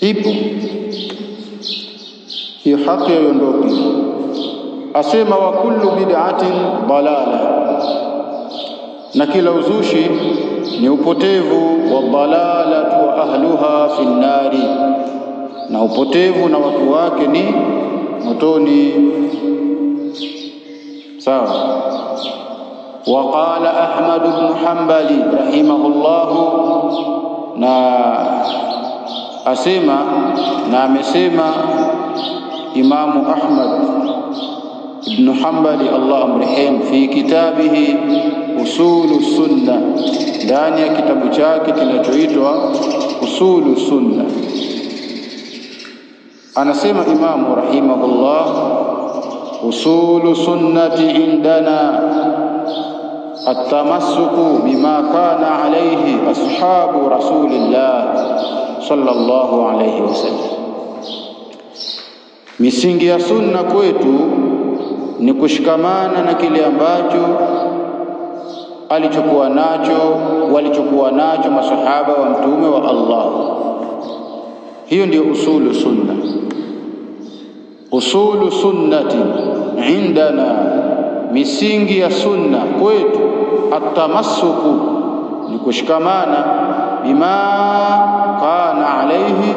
ipo hiyo, haki haiondoki. Asema wa kullu bid'atin dalala, na kila uzushi ni upotevu. Wa dalalatu wa ahluha fi nnari, na upotevu na watu wake ni motoni. Sawa. Wa qala Ahmad ibn Hanbali rahimahullahu na asema na amesema Imam Ahmad ibn Hanbali, Allah amrehemu, fi kitabihi usulu sunna, ndani ya kitabu chake kinachoitwa usulu sunna, anasema Imam rahimahullah, usulu sunnati indana at-tamassuku bima kana alayhi ashabu rasulillah sallallahu alayhi wasallam. Misingi ya sunna kwetu ni kushikamana na kile ambacho alichokuwa nacho, walichokuwa nacho masahaba wa mtume wa Allah. Hiyo ndiyo usulu sunna, usulu sunnati indana, misingi ya sunna kwetu atamasuku ni kushikamana bima kana alaihi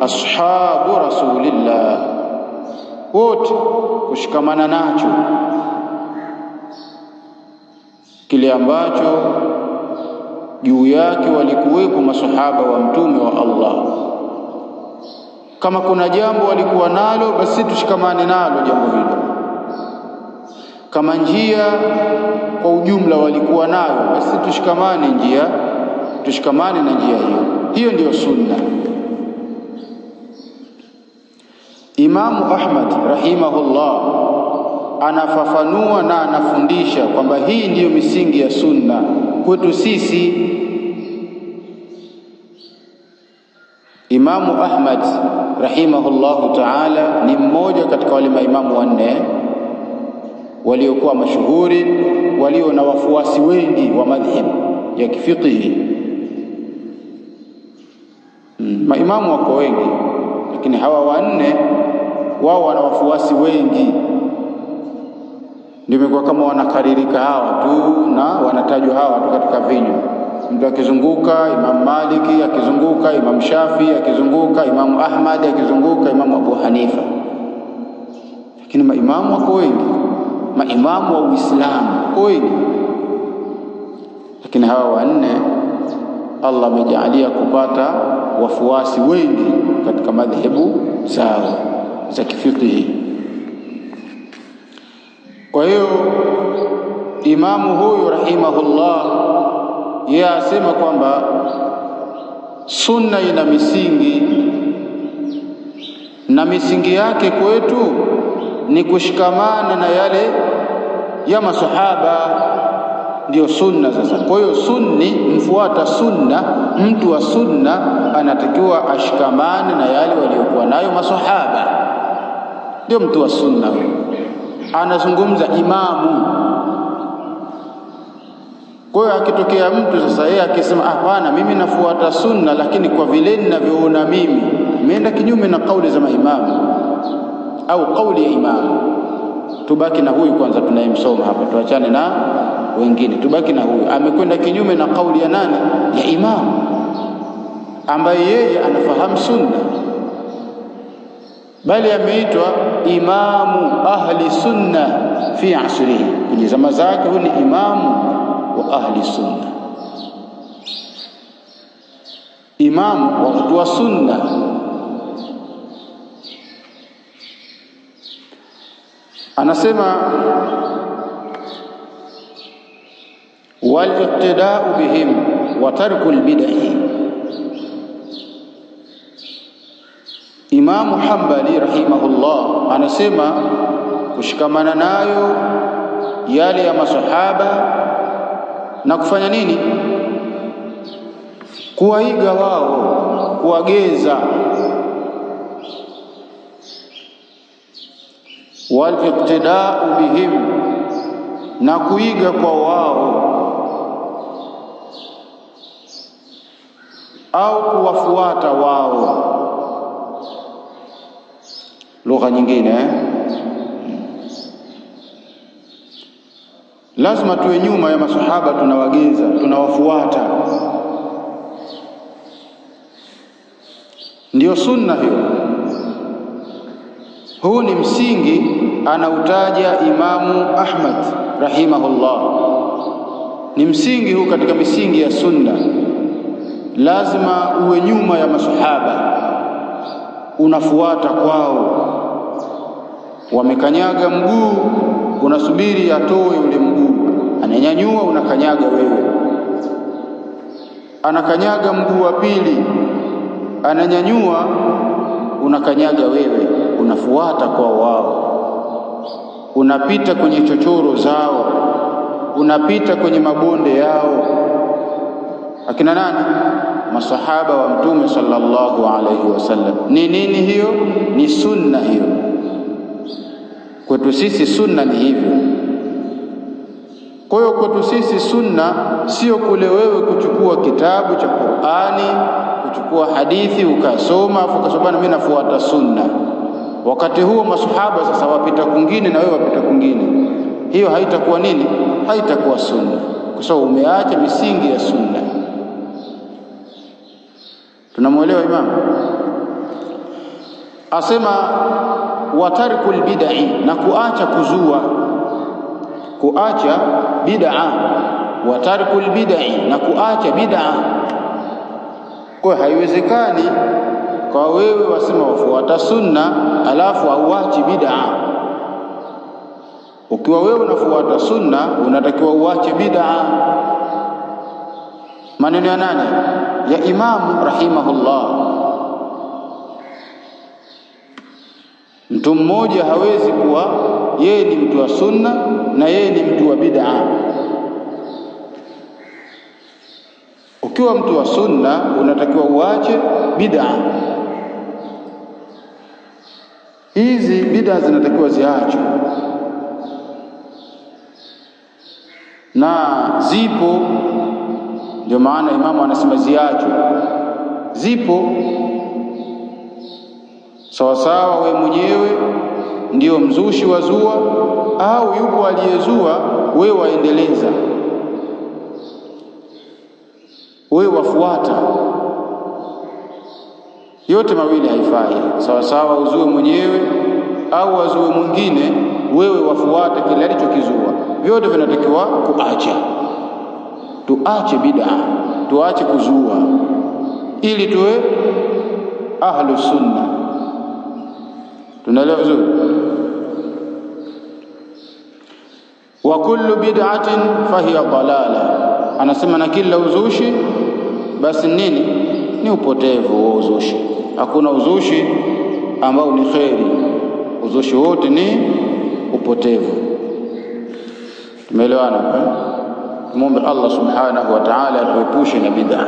ashabu rasulillah, wote kushikamana nacho kile ambacho juu yake walikuwepo masahaba wa mtume wa Allah. Kama kuna jambo walikuwa nalo, basi tushikamane nalo jambo hilo. Kama njia kwa ujumla walikuwa nayo, basi tushikamane njia tushikamane na njia hiyo. Hiyo ndiyo sunna. Imamu Ahmad rahimahullah anafafanua na anafundisha kwamba hii ndiyo misingi ya sunna kwetu sisi. Imamu Ahmad rahimahullahu taala ni mmoja katika wale maimamu wanne waliokuwa mashuhuri walio na wafuasi wengi wa madhhabu ya kifiqhi maimamu wako wengi, lakini hawa wanne wao wana wafuasi wengi, ndio imekuwa kama wanakaririka hawa tu na wanatajwa hawa tu katika vinywa mtu akizunguka Imamu Maliki, akizunguka Imamu Shafi, akizunguka Imamu Ahmadi, akizunguka Imamu Abu Hanifa. Lakini maimamu wako wengi, maimamu wa Uislamu wako wengi, lakini hawa wanne Allah amejaalia kupata wafuasi wengi katika madhehebu zao za kifikihi. Kwa hiyo imamu huyu rahimahullah, yeye asema kwamba sunna ina misingi na misingi yake kwetu ni kushikamana na yale ya masahaba ndio sunna sasa. Kwa hiyo sunni, mfuata sunna, mtu wa sunna anatakiwa ashikamane na yale waliokuwa nayo masahaba, ndio mtu wa sunna Anazungumza imamu. Kwa hiyo akitokea mtu sasa yeye akisema hapana, ah, mimi nafuata sunna, lakini kwa vile ninavyoona mimi imeenda kinyume na kauli za maimamu au kauli ya imamu, tubaki na huyu kwanza tunayemsoma hapa, tuachane na wengine, tubaki na huyo. Amekwenda kinyume na kauli ya nani? Ya imamu ambaye yeye anafahamu sunna, bali ameitwa imamu ahli sunna fi asrihi, kwenye zama zake huyu ni imamu wa ahli sunna, imamu wa watu wa sunna. Anasema waliqtidau bihim wa tarku lbidai. Imamu Hambali rahimahullah anasema kushikamana nayo yale ya masahaba na kufanya nini? Kuwaiga wao, kuwageza. Waliqtidau bihim, na kuiga kwa wao au kuwafuata wao. Lugha nyingine eh? Lazima tuwe nyuma ya masahaba, tunawageza, tunawafuata. ndio sunna hiyo. Huu ni msingi anautaja Imamu Ahmad rahimahullah, ni msingi huu katika misingi ya sunna lazima uwe nyuma ya masahaba, unafuata kwao. Wamekanyaga mguu, unasubiri atoe ule mguu, ananyanyua, unakanyaga wewe. Anakanyaga mguu wa pili, ananyanyua, unakanyaga wewe, unafuata kwao. Wao unapita kwenye chochoro zao, unapita kwenye mabonde yao akina nani? Masahaba wa Mtume sallallahu alayhi wasallam. Ni nini hiyo? Ni sunna hiyo. Kwetu sisi sunna ni hivyo. Kwa hiyo kwetu sisi sunna sio kule wewe kuchukua kitabu cha Qur'ani, kuchukua hadithi ukasoma, afu ukasoma mimi nafuata sunna. Wakati huo masahaba sasa wapita kwingine na wewe wapita kwingine, hiyo haitakuwa nini? Haitakuwa sunna, kwa sababu umeacha misingi ya sunna. Tunamwelewa Imam asema wa lbidai, na kuacha kuzua, kuacha bid'a. Wa lbidai, na kuacha bid'a. Kwa haiwezekani kwa wewe wasema wafuata sunna alafu auachi bid'a. Ukiwa wewe unafuata sunna unatakiwa uache bid'a. Maneno ya nani? ya imamu rahimahullah. Mtu mmoja hawezi kuwa yeye ni mtu wa sunna na yeye ni mtu wa bid'a. Ukiwa mtu wa sunna unatakiwa uache bid'a. Hizi bid'a zinatakiwa ziachwe, na zipo ndio maana imamu anasema ziacho zipo sawasawa, Wewe mwenyewe ndio mzushi wa zua au yuko aliyezua, wewe waendeleza, wewe wafuata. Yote mawili haifai. Sawasawa uzue mwenyewe au wazue mwingine, wewe wafuata kile alichokizua, vyote vinatakiwa kuacha tuache bid'a, tuache kuzua, ili tuwe ahlu sunna. Tunaelewa vizuri. wa kullu bid'atin fahiya dalala, anasema na kila uzushi basi nini? Ni upotevu wa uzushi. Hakuna uzushi ambao ni kheri, uzushi wote ni upotevu. Tumeelewana? Eh? Tumwombe Allah subhanahu wa ta'ala atuepushe na bid'a.